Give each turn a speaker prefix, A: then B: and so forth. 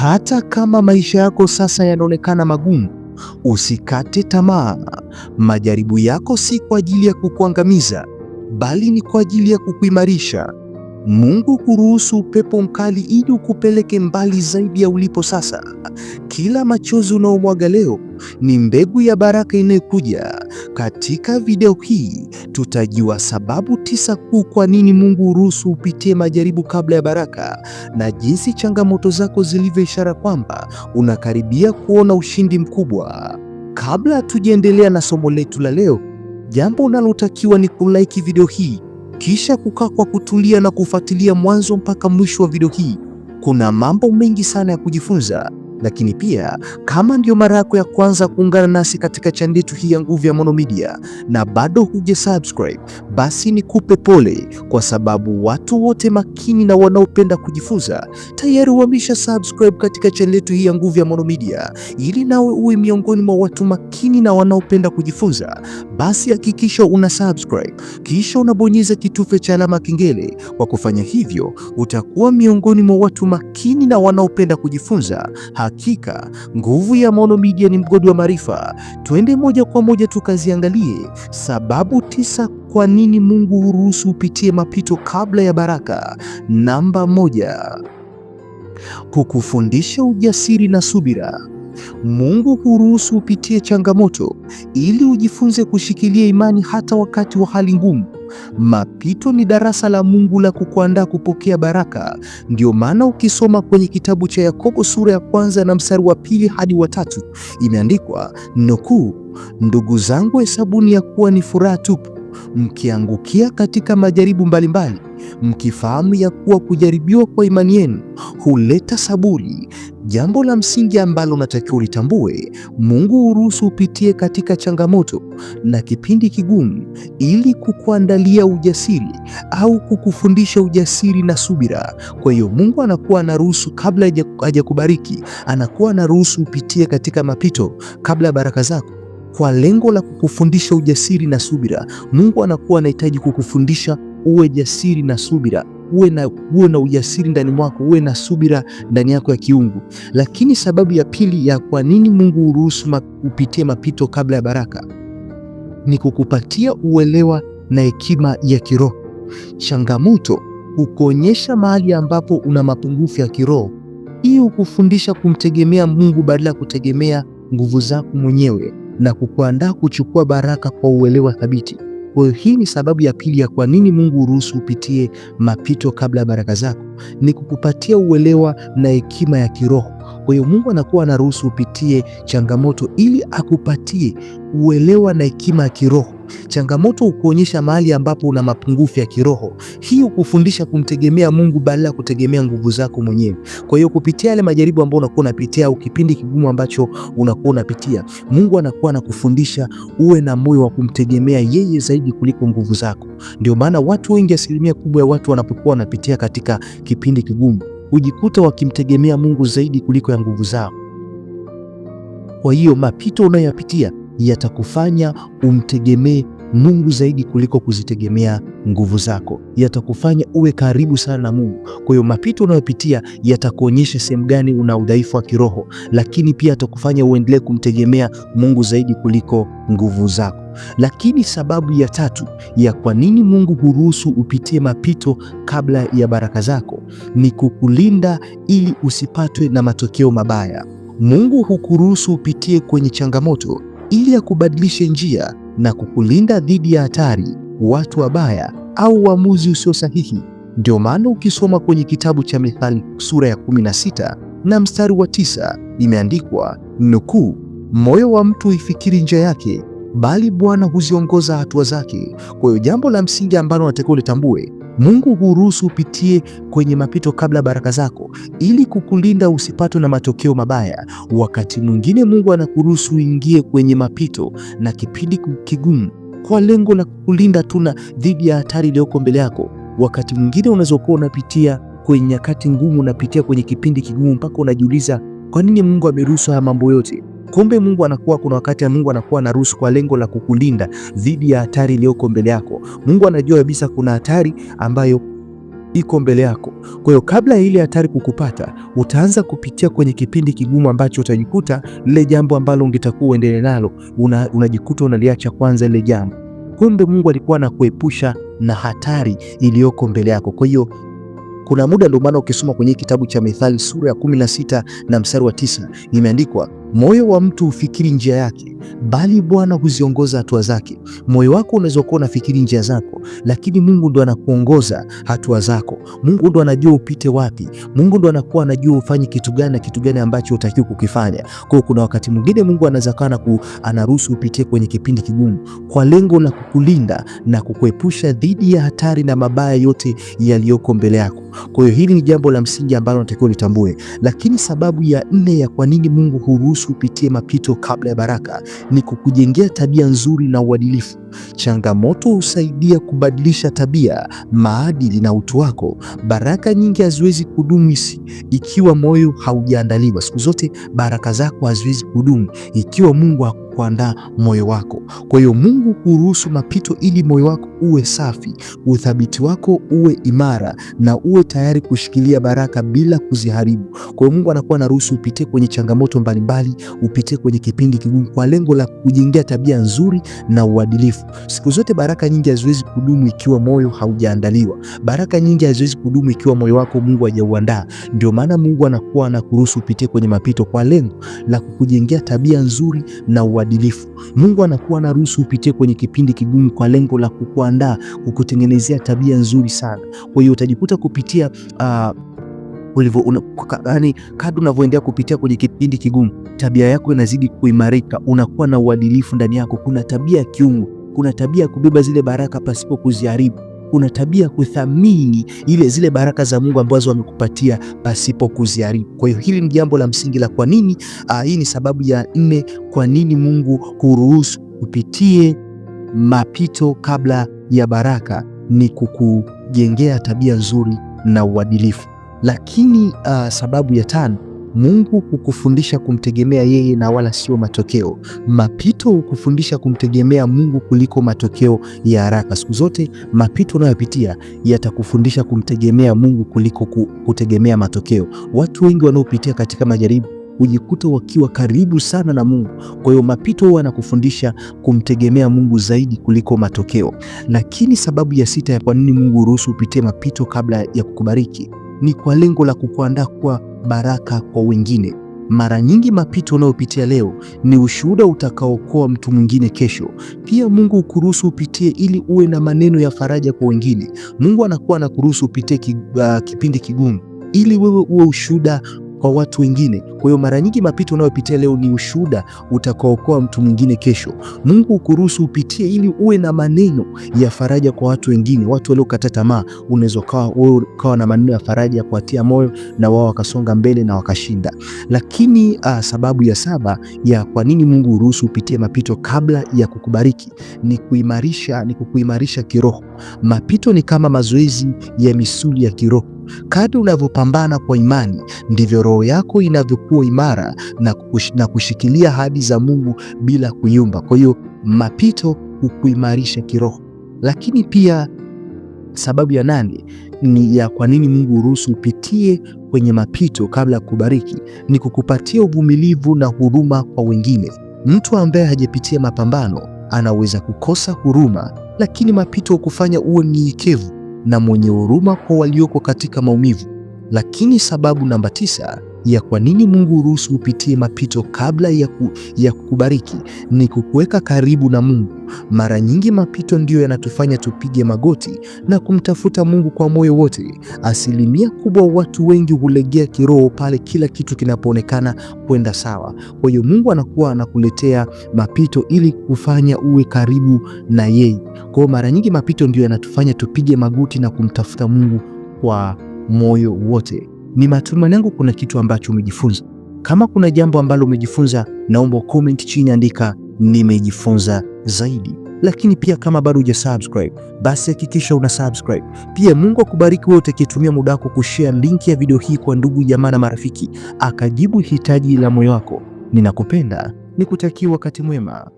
A: Hata kama maisha yako sasa yanaonekana magumu, usikate tamaa. Majaribu yako si kwa ajili ya kukuangamiza, bali ni kwa ajili ya kukuimarisha. Mungu kuruhusu upepo mkali ili ukupeleke mbali zaidi ya ulipo sasa. Kila machozi unaomwaga leo ni mbegu ya baraka inayokuja. Katika video hii tutajua sababu tisa kuu kwa nini Mungu huruhusu upitie majaribu kabla ya baraka, na jinsi changamoto zako zilivyo ishara kwamba unakaribia kuona ushindi mkubwa. Kabla tujaendelea na somo letu la leo, jambo unalotakiwa ni kulike video hii kisha kukaa kwa kutulia na kufuatilia mwanzo mpaka mwisho wa video hii. Kuna mambo mengi sana ya kujifunza lakini pia kama ndio mara yako ya kwanza kuungana nasi katika chaneli yetu hii ya Nguvu ya Maono Media na bado subscribe, basi nikupe pole, kwa sababu watu wote makini na wanaopenda kujifunza tayari wamesha subscribe katika chaneli yetu hii ya Nguvu ya Maono Media. Ili nawe uwe miongoni mwa watu makini na wanaopenda kujifunza, basi hakikisha una subscribe kisha unabonyeza kitufe cha alama kengele. Kwa kufanya hivyo, utakuwa miongoni mwa watu makini na wanaopenda kujifunza ha Hakika nguvu ya Maono Media ni mgodi wa maarifa. Twende moja kwa moja tukaziangalie sababu tisa kwa nini Mungu huruhusu upitie mapito kabla ya baraka. Namba moja, kukufundisha ujasiri na subira. Mungu huruhusu upitie changamoto ili ujifunze kushikilia imani hata wakati wa hali ngumu. Mapito ni darasa la Mungu la kukuandaa kupokea baraka. Ndio maana ukisoma kwenye kitabu cha Yakobo sura ya kwanza na mstari wa pili hadi wa tatu imeandikwa nukuu, ndugu zangu, hesabuni ya kuwa ni furaha tupu mkiangukia katika majaribu mbalimbali, mkifahamu ya kuwa kujaribiwa kwa imani yenu huleta saburi. Jambo la msingi ambalo unatakiwa ulitambue, Mungu huruhusu upitie katika changamoto na kipindi kigumu ili kukuandalia ujasiri au kukufundisha ujasiri na subira. Kwa hiyo Mungu anakuwa anaruhusu, kabla hajakubariki, anakuwa anaruhusu upitie katika mapito kabla ya baraka zako kwa lengo la kukufundisha ujasiri na subira. Mungu anakuwa anahitaji kukufundisha uwe jasiri na subira uwe na, uwe na ujasiri ndani mwako, uwe na subira ndani yako ya kiungu. Lakini sababu ya pili ya kwa nini Mungu huruhusu upitie mapito kabla ya baraka ni kukupatia uelewa na hekima ya kiroho. Changamoto hukuonyesha mahali ambapo una mapungufu ya kiroho. Hii hukufundisha kumtegemea Mungu badala ya kutegemea nguvu zako mwenyewe na kukuandaa kuchukua baraka kwa uelewa thabiti. Kwa hiyo hii ni sababu ya pili ya kwa nini Mungu huruhusu upitie mapito kabla ya baraka zako, ni kukupatia uelewa na hekima ya kiroho. Kwa hiyo Mungu anakuwa anaruhusu upitie changamoto ili akupatie uelewa na hekima ya kiroho Changamoto hukuonyesha mahali ambapo una mapungufu ya kiroho. Hii hukufundisha kumtegemea Mungu badala ya kutegemea nguvu zako mwenyewe. Kwa hiyo kupitia yale majaribu ambayo unakuwa unapitia au kipindi kigumu ambacho unakuwa unapitia, Mungu anakuwa anakufundisha uwe na moyo wa kumtegemea yeye zaidi kuliko nguvu zako. Ndio maana watu wengi, asilimia kubwa ya watu wanapokuwa wanapitia katika kipindi kigumu hujikuta wakimtegemea Mungu zaidi kuliko ya nguvu zao. Kwa hiyo mapito unayoyapitia yatakufanya umtegemee Mungu zaidi kuliko kuzitegemea nguvu zako, yatakufanya uwe karibu sana na Mungu. Kwa hiyo mapito unayopitia yatakuonyesha sehemu gani una udhaifu wa kiroho, lakini pia yatakufanya uendelee kumtegemea Mungu zaidi kuliko nguvu zako. Lakini sababu ya tatu ya kwa nini Mungu huruhusu upitie mapito kabla ya baraka zako ni kukulinda ili usipatwe na matokeo mabaya. Mungu hukuruhusu upitie kwenye changamoto ili ya kubadilisha njia na kukulinda dhidi ya hatari, watu wabaya au uamuzi usio sahihi. Ndio maana ukisoma kwenye kitabu cha Mithali sura ya 16 na mstari wa tisa imeandikwa nukuu, moyo wa mtu ifikiri njia yake, bali Bwana huziongoza hatua zake. Kwa hiyo jambo la msingi ambalo natakiwa litambue Mungu huruhusu upitie kwenye mapito kabla baraka zako, ili kukulinda usipatwe na matokeo mabaya. Wakati mwingine Mungu anakuruhusu uingie kwenye mapito na kipindi kigumu kwa lengo la kukulinda tuna dhidi ya hatari iliyoko mbele yako. Wakati mwingine unaweza kuwa unapitia kwenye nyakati ngumu, unapitia kwenye kipindi kigumu mpaka unajiuliza kwa nini Mungu ameruhusu haya mambo yote. Kumbe Mungu anakuwa, kuna wakati ya Mungu anakuwa anaruhusu kwa lengo la kukulinda dhidi ya hatari iliyoko mbele yako. Mungu anajua kabisa kuna hatari ambayo iko mbele yako. Kwa hiyo kabla ya ile hatari kukupata, utaanza kupitia kwenye kipindi kigumu ambacho utajikuta lile jambo ambalo ungetakuwa uendelee nalo una, unajikuta unaliacha kwanza lile jambo. Kumbe Mungu alikuwa anakuepusha na hatari iliyoko mbele yako. Kwa hiyo kuna muda, ndio maana ukisoma kwenye kitabu cha Mithali sura ya 16 na mstari wa 9 imeandikwa Moyo wa mtu hufikiri njia yake, bali Bwana huziongoza hatua zake. Moyo wako unaweza kuwa unafikiri njia zako, lakini Mungu ndo anakuongoza hatua zako. Mungu ndo anajua upite wapi. Mungu ndo anakuwa anajua ufanye kitu gani na kitu gani ambacho utakiwa kukifanya. Kwa kuna wakati mwingine Mungu anaweza kana anaruhusu upitie kwenye kipindi kigumu kwa lengo la kukulinda na kukuepusha dhidi ya hatari na mabaya yote yaliyoko mbele yako. Kwa hiyo hili ni jambo la msingi ambalo natakiwa litambue. Lakini sababu ya nne ya kwa nini Mungu huruhusu upitie mapito kabla ya baraka, ni kukujengea tabia nzuri na uadilifu. Changamoto husaidia kubadilisha tabia, maadili na utu wako. Baraka nyingi haziwezi kudumu ikiwa moyo haujaandaliwa. Siku zote baraka zako haziwezi kudumu ikiwa Mungu hakuandaa moyo wako. Kwa hiyo Mungu huruhusu mapito ili moyo wako uwe safi, uthabiti wako uwe imara, na uwe tayari kushikilia baraka bila kuziharibu. Kwa hiyo Mungu anakuwa anaruhusu upitie kwenye changamoto mbalimbali, upitie kwenye kipindi kigumu, kwa lengo la kujengea tabia nzuri na uadilifu. Siku zote baraka nyingi haziwezi kudumu ikiwa moyo haujaandaliwa. Baraka nyingi haziwezi kudumu ikiwa moyo wako Mungu hajauandaa. Ndio maana Mungu anakuwa anakuruhusu upitie kwenye mapito kwa lengo la kukujengea tabia nzuri na uadilifu. Mungu anakuwa anaruhusu upitie kwenye kipindi kigumu kwa lengo la kukuandaa, kukutengenezea tabia nzuri sana. Kwa hiyo utajikuta kupitia uh, yaani kadri unavyoendelea kupitia kwenye kipindi kigumu, tabia yako inazidi kuimarika, unakuwa na uadilifu ndani yako, kuna tabia ya kiungu kuna tabia ya kubeba zile baraka pasipo kuziharibu. Kuna tabia kuthamini ile zile baraka za Mungu ambazo amekupatia pasipo kuziharibu. Kwa hiyo hili ni jambo la msingi la kwa nini. Ah, hii ni sababu ya nne kwa nini Mungu kuruhusu upitie mapito kabla ya baraka, ni kukujengea tabia nzuri na uadilifu. Lakini uh, sababu ya tano Mungu hukufundisha kumtegemea yeye na wala sio matokeo. Mapito hukufundisha kumtegemea Mungu kuliko matokeo ya haraka. Siku zote mapito unayopitia yatakufundisha kumtegemea Mungu kuliko kutegemea matokeo. Watu wengi wanaopitia katika majaribu hujikuta wakiwa karibu sana na Mungu. Kwa hiyo mapito huwa anakufundisha kumtegemea Mungu zaidi kuliko matokeo. Lakini sababu ya sita ya kwa nini Mungu huruhusu upitie mapito kabla ya kukubariki ni kwa lengo la kukuandaa kuwa baraka kwa wengine. Mara nyingi mapito unayopitia leo ni ushuhuda utakaokoa mtu mwingine kesho. Pia Mungu hukuruhusu upitie ili uwe na maneno ya faraja kwa wengine. Mungu anakuwa anakuruhusu upitie uh, kipindi kigumu ili wewe uwe ushuhuda kwa watu wengine. Kwa hiyo mara nyingi mapito unayopitia leo ni ushuhuda utakaokoa mtu mwingine kesho. Mungu ukuruhusu upitie ili uwe na maneno ya faraja kwa watu wengine, watu waliokata tamaa. Unaweza ukawa na maneno ya faraja ya kuatia moyo na wao wakasonga mbele na wakashinda. Lakini aa, ah, sababu ya saba ya kwa nini Mungu huruhusu upitie mapito kabla ya kukubariki ni kuimarisha, ni kukuimarisha kiroho. Mapito ni kama mazoezi ya misuli ya kiroho Kadri unavyopambana kwa imani, ndivyo roho yako inavyokuwa imara na, kush, na kushikilia ahadi za Mungu bila kuyumba. Kwa hiyo mapito hukuimarisha kiroho, lakini pia sababu ya nane ni ya kwa nini Mungu huruhusu upitie kwenye mapito kabla ya kubariki, ni kukupatia uvumilivu na huruma kwa wengine. Mtu ambaye hajapitia mapambano anaweza kukosa huruma, lakini mapito hukufanya uwe mnyenyekevu na mwenye huruma kwa walioko katika maumivu. Lakini sababu namba tisa ya kwa nini Mungu huruhusu upitie mapito kabla ya, ku, ya kukubariki ni kukuweka karibu na Mungu. Mara nyingi mapito ndiyo yanatufanya tupige magoti na kumtafuta Mungu kwa moyo wote. Asilimia kubwa watu wengi hulegea kiroho pale kila kitu kinapoonekana kwenda sawa. Kwa hiyo Mungu anakuwa anakuletea mapito ili kufanya uwe karibu na yeye. Kwa hiyo mara nyingi mapito ndiyo yanatufanya tupige magoti na kumtafuta Mungu kwa moyo wote ni matumaini yangu kuna kitu ambacho umejifunza. Kama kuna jambo ambalo umejifunza, naomba comment chini, andika nimejifunza zaidi. Lakini pia kama bado hujasubscribe, basi hakikisha una subscribe. Pia Mungu akubariki wewe utakayetumia muda wako kushare linki ya video hii kwa ndugu jamaa na marafiki, akajibu hitaji la moyo wako. Ninakupenda, nikutakia wakati mwema.